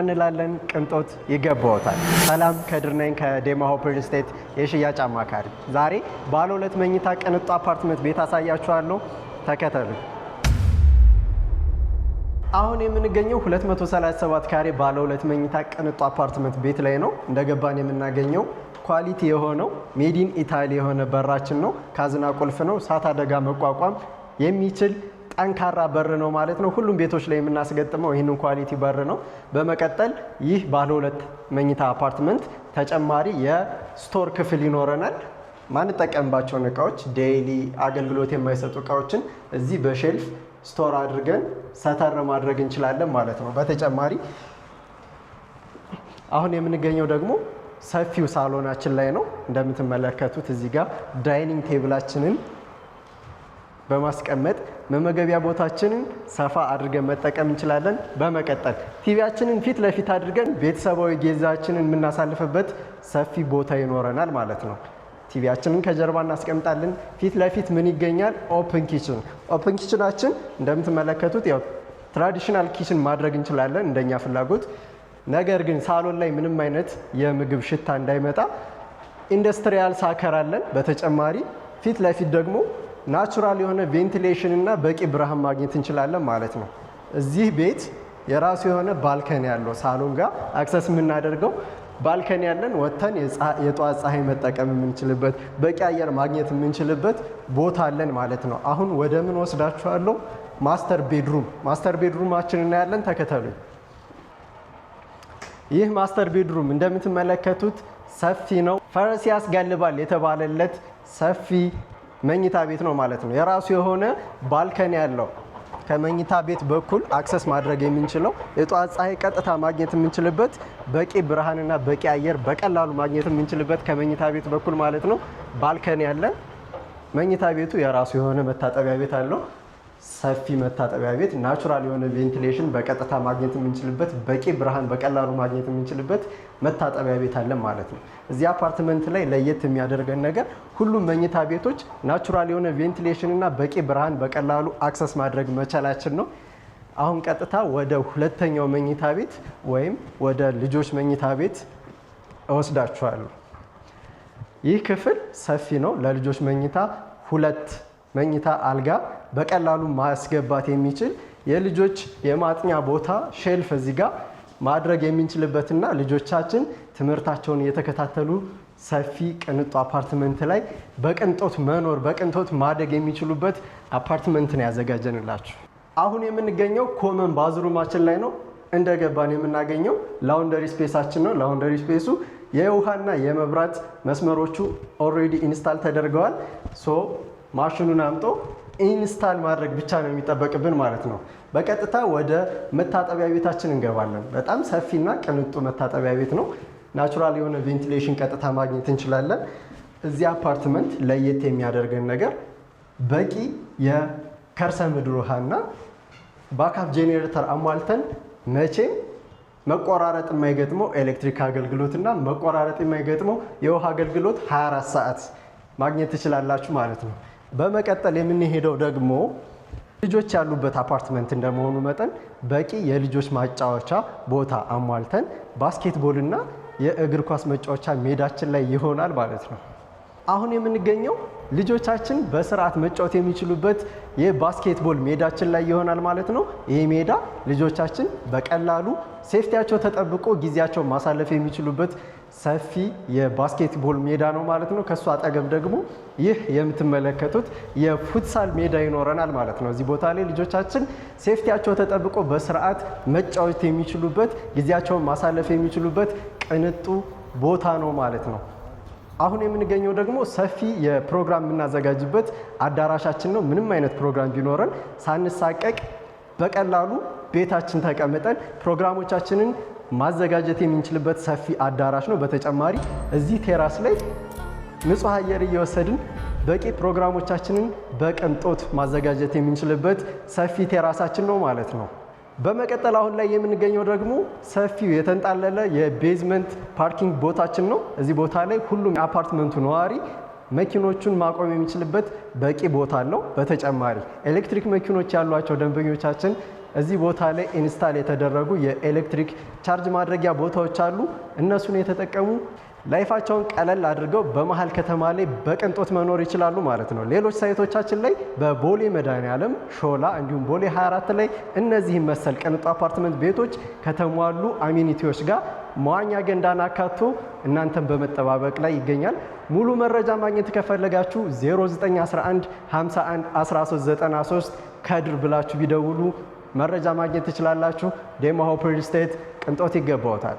እንላለን። ቅንጦት ይገባዎታል። ሰላም ከድር ነኝ ከዴማ ሆፕ ሪል ስቴት የሽያጭ አማካሪ። ዛሬ ባለ ሁለት መኝታ ቅንጦ አፓርትመንት ቤት አሳያችኋለሁ። ተከተሉ። አሁን የምንገኘው 237 ካሬ ባለ ሁለት መኝታ ቅንጦ አፓርትመንት ቤት ላይ ነው። እንደገባን የምናገኘው ኳሊቲ የሆነው ኢን ኢታሊ የሆነ በራችን ነው። ካዝና ቁልፍ ነው። እሳት አደጋ መቋቋም የሚችል ጠንካራ በር ነው ማለት ነው። ሁሉም ቤቶች ላይ የምናስገጥመው ይህንን ኳሊቲ በር ነው። በመቀጠል ይህ ባለ ሁለት መኝታ አፓርትመንት ተጨማሪ የስቶር ክፍል ይኖረናል። ማንጠቀምባቸውን እቃዎች ዴይሊ አገልግሎት የማይሰጡ እቃዎችን እዚህ በሼልፍ ስቶር አድርገን ሰተር ማድረግ እንችላለን ማለት ነው። በተጨማሪ አሁን የምንገኘው ደግሞ ሰፊው ሳሎናችን ላይ ነው። እንደምትመለከቱት እዚህ ጋር ዳይኒንግ ቴብላችንን በማስቀመጥ መመገቢያ ቦታችንን ሰፋ አድርገን መጠቀም እንችላለን። በመቀጠል ቲቪያችንን ፊት ለፊት አድርገን ቤተሰባዊ ጌዛችንን የምናሳልፍበት ሰፊ ቦታ ይኖረናል ማለት ነው። ቲቪያችንን ከጀርባ እናስቀምጣለን። ፊት ለፊት ምን ይገኛል? ኦፕን ኪችን። ኦፕን ኪችናችን እንደምትመለከቱት ያው ትራዲሽናል ኪችን ማድረግ እንችላለን እንደኛ ፍላጎት። ነገር ግን ሳሎን ላይ ምንም አይነት የምግብ ሽታ እንዳይመጣ ኢንዱስትሪያል ሳከር አለን። በተጨማሪ ፊት ለፊት ደግሞ ናቹራል የሆነ ቬንቲሌሽን እና በቂ ብርሃን ማግኘት እንችላለን ማለት ነው። እዚህ ቤት የራሱ የሆነ ባልከን ያለው ሳሎን ጋር አክሰስ የምናደርገው ባልከን ያለን ወጥተን የጠዋት ፀሐይ መጠቀም የምንችልበት በቂ አየር ማግኘት የምንችልበት ቦታ አለን ማለት ነው። አሁን ወደ ምን ወስዳችኋለሁ? ማስተር ቤድሩም ማስተር ቤድሩማችን እናያለን። ተከተሉኝ። ይህ ማስተር ቤድሩም እንደምትመለከቱት ሰፊ ነው። ፈረስ ያስጋልባል የተባለለት ሰፊ መኝታ ቤት ነው ማለት ነው። የራሱ የሆነ ባልከን ያለው ከመኝታ ቤት በኩል አክሰስ ማድረግ የምንችለው የጠዋት ፀሐይ ቀጥታ ማግኘት የምንችልበት በቂ ብርሃንና በቂ አየር በቀላሉ ማግኘት የምንችልበት ከመኝታ ቤት በኩል ማለት ነው። ባልከን ያለን መኝታ ቤቱ የራሱ የሆነ መታጠቢያ ቤት አለው። ሰፊ መታጠቢያ ቤት ናቹራል የሆነ ቬንቲሌሽን በቀጥታ ማግኘት የምንችልበት በቂ ብርሃን በቀላሉ ማግኘት የምንችልበት መታጠቢያ ቤት አለን ማለት ነው። እዚህ አፓርትመንት ላይ ለየት የሚያደርገን ነገር ሁሉም መኝታ ቤቶች ናቹራል የሆነ ቬንቲሌሽን እና በቂ ብርሃን በቀላሉ አክሰስ ማድረግ መቻላችን ነው። አሁን ቀጥታ ወደ ሁለተኛው መኝታ ቤት ወይም ወደ ልጆች መኝታ ቤት እወስዳችኋለሁ። ይህ ክፍል ሰፊ ነው። ለልጆች መኝታ ሁለት መኝታ አልጋ በቀላሉ ማስገባት የሚችል የልጆች የማጥኛ ቦታ ሼልፍ እዚህ ጋር ማድረግ የምንችልበትና ልጆቻችን ትምህርታቸውን የተከታተሉ ሰፊ ቅንጡ አፓርትመንት ላይ በቅንጦት መኖር በቅንጦት ማደግ የሚችሉበት አፓርትመንት ነው ያዘጋጀንላችሁ። አሁን የምንገኘው ኮመን ባዝሩማችን ላይ ነው። እንደገባን የምናገኘው ላውንደሪ ስፔሳችን ነው። ላውንደሪ ስፔሱ የውሃና የመብራት መስመሮቹ ኦልሬዲ ኢንስታል ተደርገዋል። ማሽኑን አምጦ ኢንስታል ማድረግ ብቻ ነው የሚጠበቅብን ማለት ነው። በቀጥታ ወደ መታጠቢያ ቤታችን እንገባለን። በጣም ሰፊና ቅንጡ መታጠቢያ ቤት ነው። ናቹራል የሆነ ቬንቲሌሽን ቀጥታ ማግኘት እንችላለን። እዚህ አፓርትመንት ለየት የሚያደርገን ነገር በቂ የከርሰ ምድር ውሃና ባካፕ ጄኔሬተር አሟልተን መቼም መቆራረጥ የማይገጥመው ኤሌክትሪክ አገልግሎትና መቆራረጥ የማይገጥመው የውሃ አገልግሎት 24 ሰዓት ማግኘት ትችላላችሁ ማለት ነው። በመቀጠል የምንሄደው ደግሞ ልጆች ያሉበት አፓርትመንት እንደመሆኑ መጠን በቂ የልጆች ማጫወቻ ቦታ አሟልተን ባስኬትቦልና የእግር ኳስ መጫወቻ ሜዳችን ላይ ይሆናል ማለት ነው። አሁን የምንገኘው ልጆቻችን በስርዓት መጫወት የሚችሉበት የባስኬትቦል ሜዳችን ላይ ይሆናል ማለት ነው። ይህ ሜዳ ልጆቻችን በቀላሉ ሴፍቲያቸው ተጠብቆ ጊዜያቸውን ማሳለፍ የሚችሉበት ሰፊ የባስኬትቦል ሜዳ ነው ማለት ነው። ከእሱ አጠገብ ደግሞ ይህ የምትመለከቱት የፉትሳል ሜዳ ይኖረናል ማለት ነው። እዚህ ቦታ ላይ ልጆቻችን ሴፍቲያቸው ተጠብቆ በስርዓት መጫወት የሚችሉበት ጊዜያቸውን ማሳለፍ የሚችሉበት ቅንጡ ቦታ ነው ማለት ነው። አሁን የምንገኘው ደግሞ ሰፊ የፕሮግራም የምናዘጋጅበት አዳራሻችን ነው። ምንም አይነት ፕሮግራም ቢኖረን ሳንሳቀቅ በቀላሉ ቤታችን ተቀምጠን ፕሮግራሞቻችንን ማዘጋጀት የምንችልበት ሰፊ አዳራሽ ነው። በተጨማሪ እዚህ ቴራስ ላይ ንጹህ አየር እየወሰድን በቂ ፕሮግራሞቻችንን በቅንጦት ማዘጋጀት የምንችልበት ሰፊ ቴራሳችን ነው ማለት ነው። በመቀጠል አሁን ላይ የምንገኘው ደግሞ ሰፊው የተንጣለለ የቤዝመንት ፓርኪንግ ቦታችን ነው። እዚህ ቦታ ላይ ሁሉም የአፓርትመንቱ ነዋሪ መኪኖቹን ማቆም የሚችልበት በቂ ቦታ አለው። በተጨማሪ ኤሌክትሪክ መኪኖች ያሏቸው ደንበኞቻችን እዚህ ቦታ ላይ ኢንስታል የተደረጉ የኤሌክትሪክ ቻርጅ ማድረጊያ ቦታዎች አሉ። እነሱን የተጠቀሙ ላይፋቸውን ቀለል አድርገው በመሀል ከተማ ላይ በቅንጦት መኖር ይችላሉ ማለት ነው። ሌሎች ሳይቶቻችን ላይ በቦሌ መድኃኔዓለም፣ ሾላ እንዲሁም ቦሌ 24 ላይ እነዚህን መሰል ቅንጦ አፓርትመንት ቤቶች ከተሟሉ አሚኒቲዎች ጋር መዋኛ ገንዳን አካቶ እናንተን በመጠባበቅ ላይ ይገኛል። ሙሉ መረጃ ማግኘት ከፈለጋችሁ 0911 ከድር ብላችሁ ቢደውሉ መረጃ ማግኘት ትችላላችሁ። ዴማሆፕ ሪል ስቴት ቅንጦት ይገባውታል።